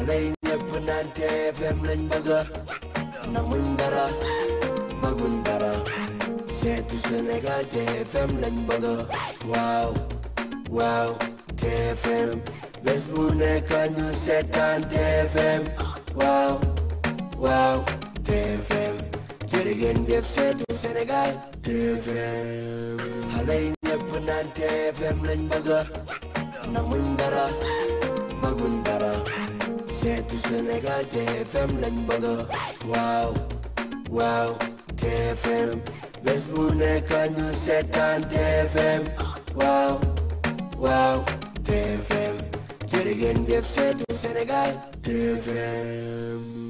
xale yi ñëpp naan TFM lañ bëgg namuñ dara bëgguñ dara seetu Sénégal TFM lañ bëgg waaw waaw TFM seetu Sénégal TFM lañ bëgg waaw waaw TFM bés bu nekk ñu seetaan TFM waaw waaw TFM jërë ngeen jëf seetu TFM